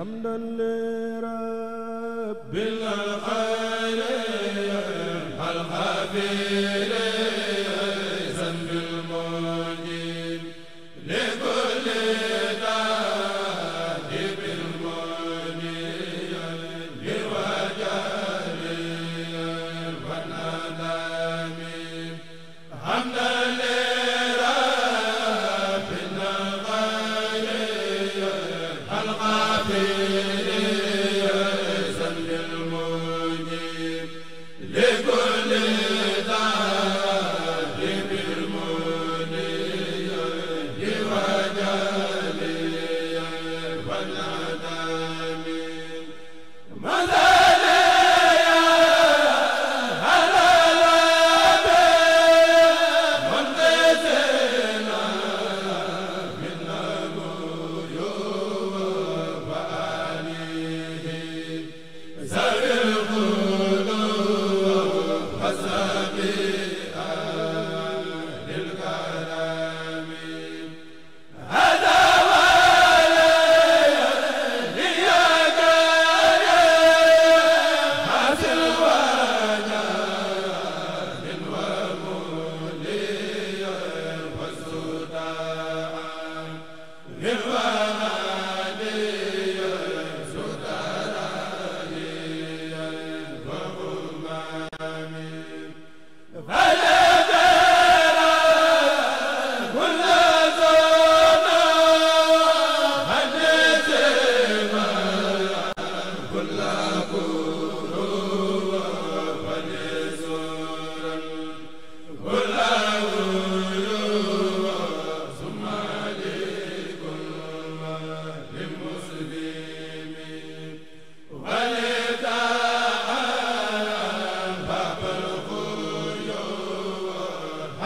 hamdan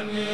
ani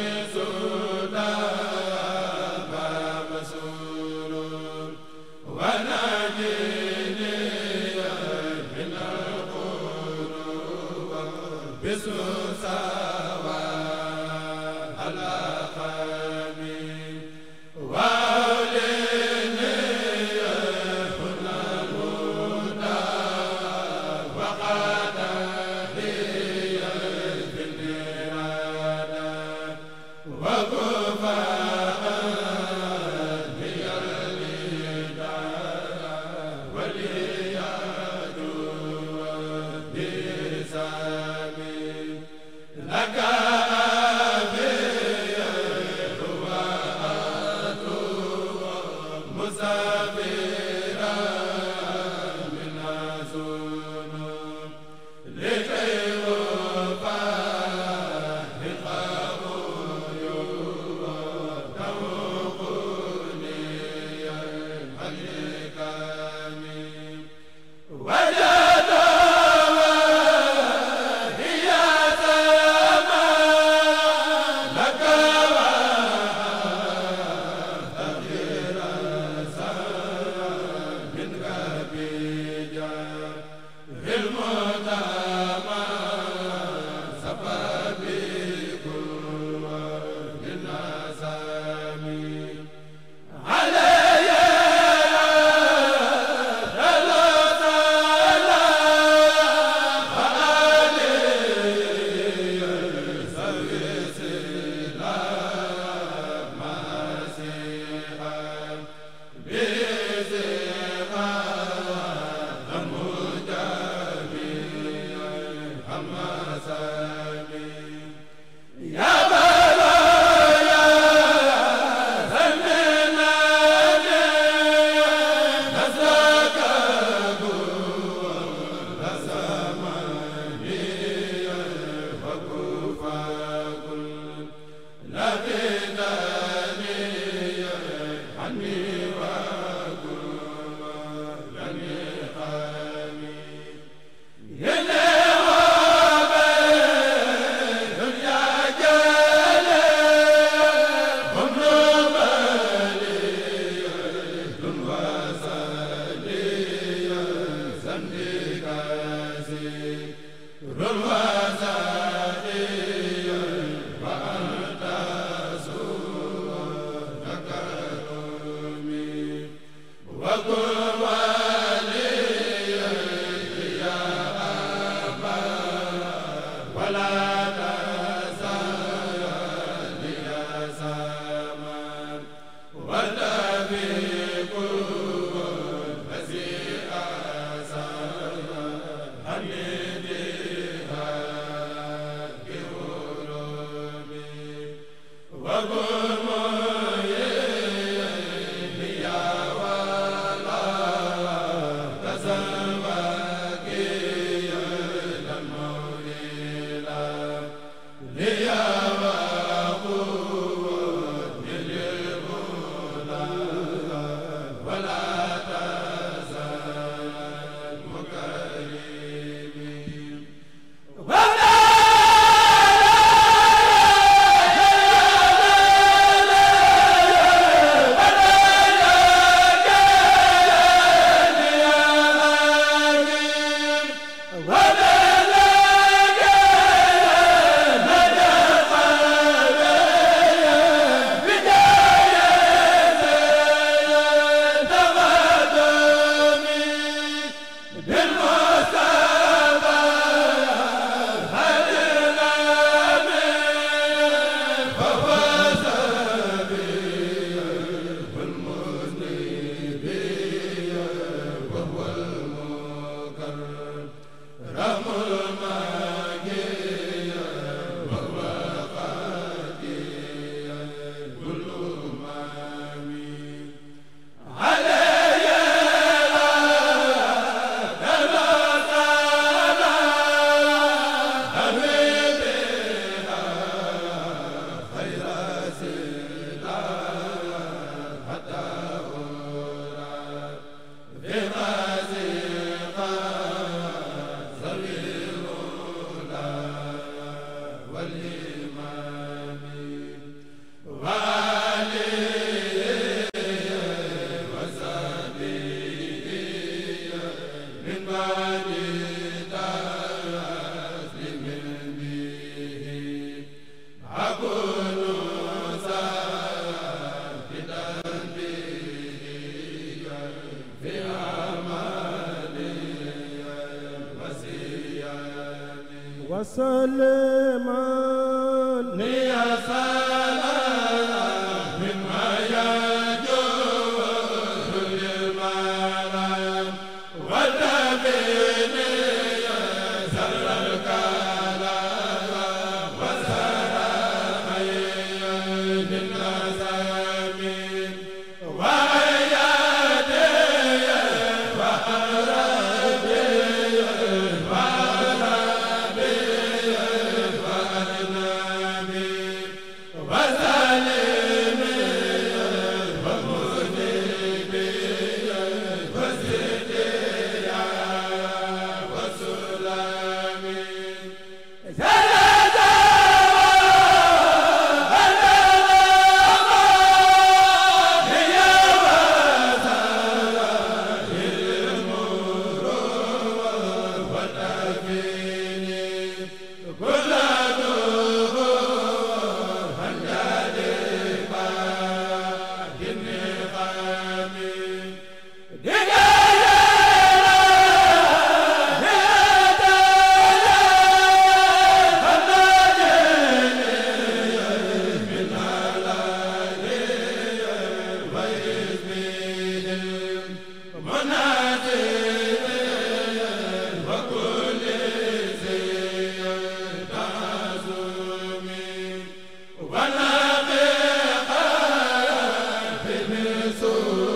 Rasul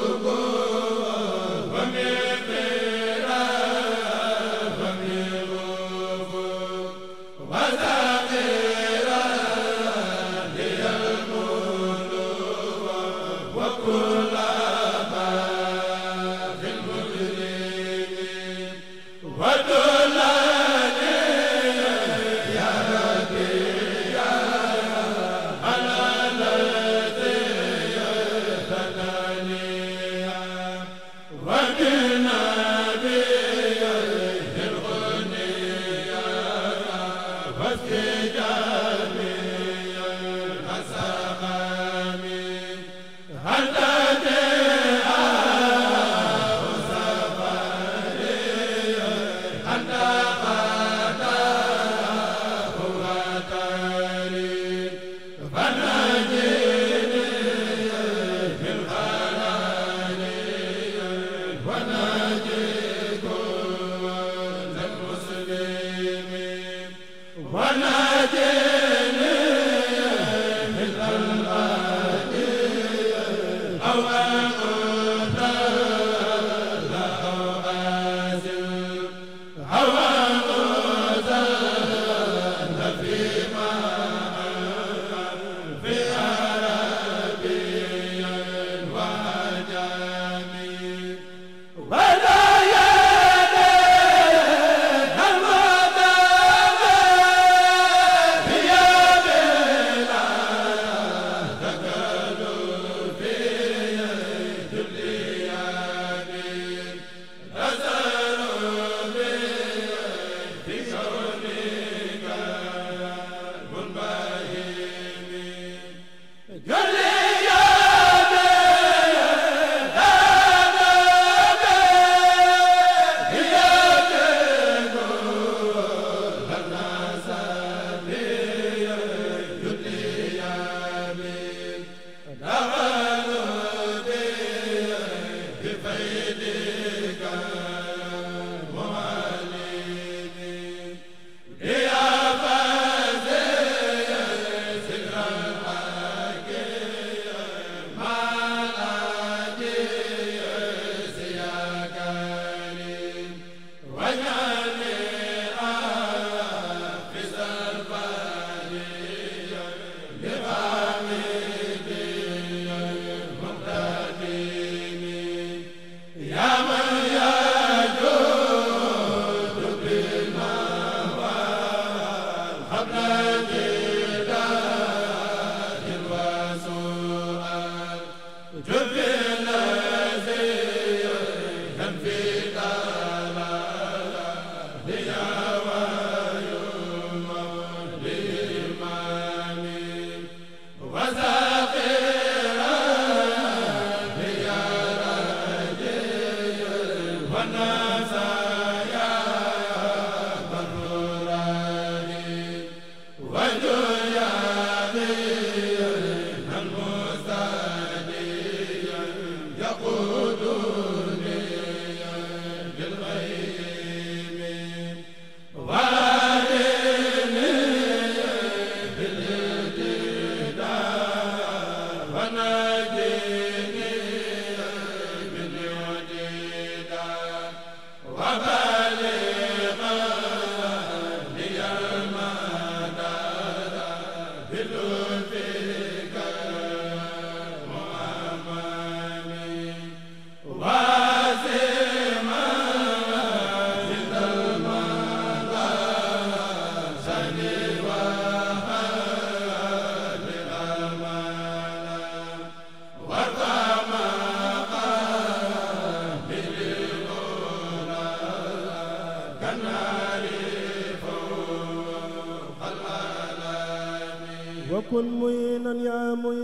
مهينا يا مهينا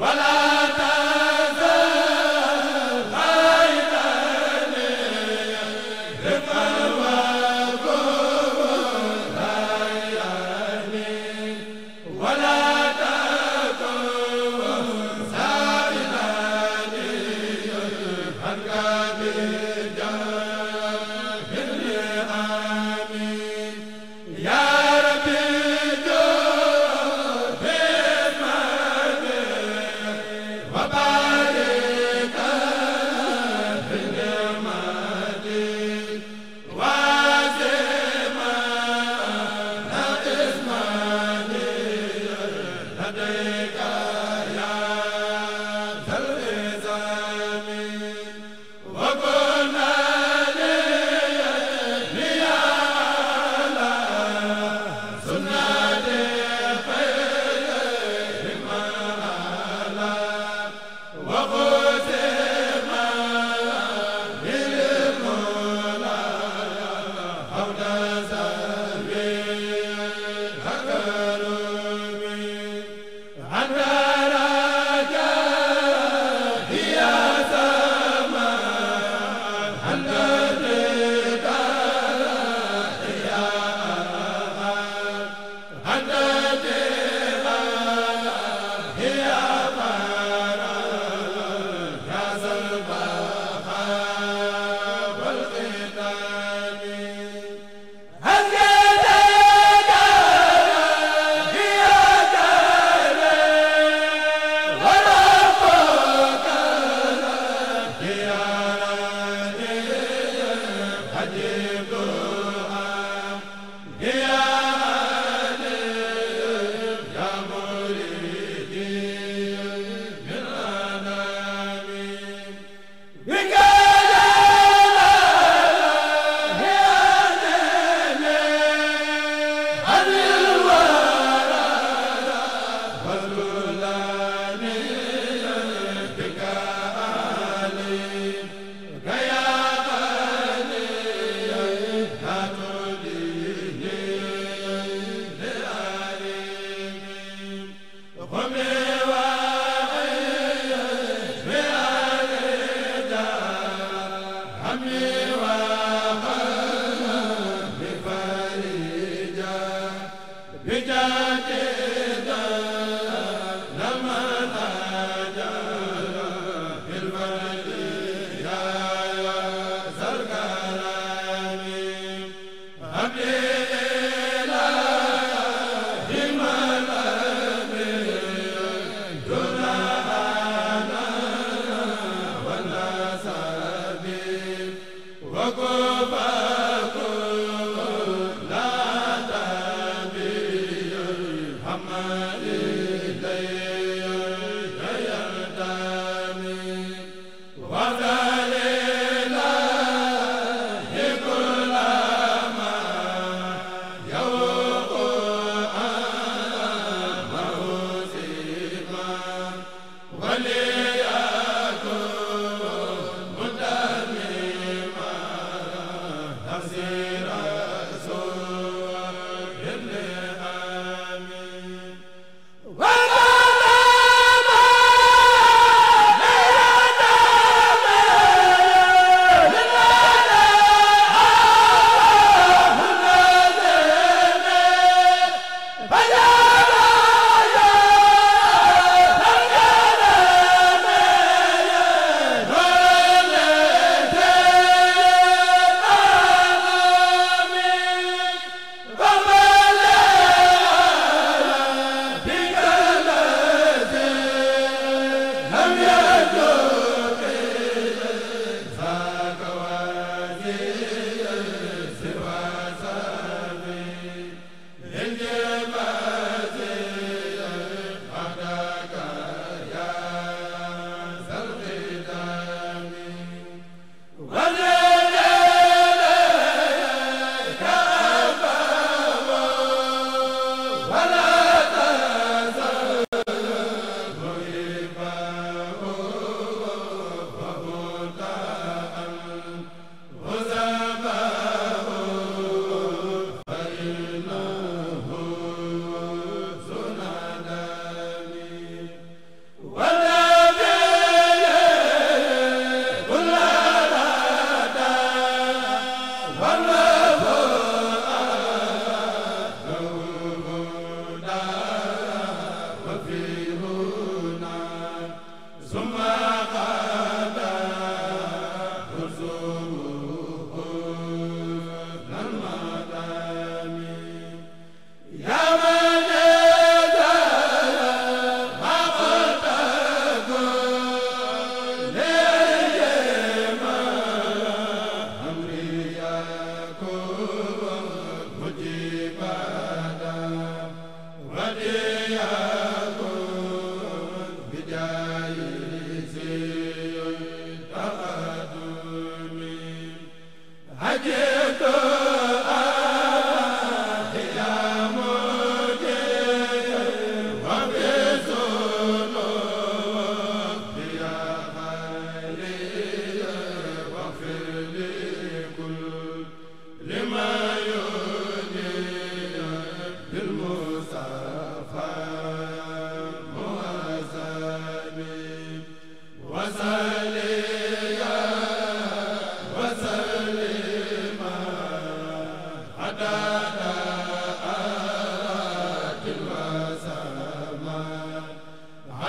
wala la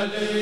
ale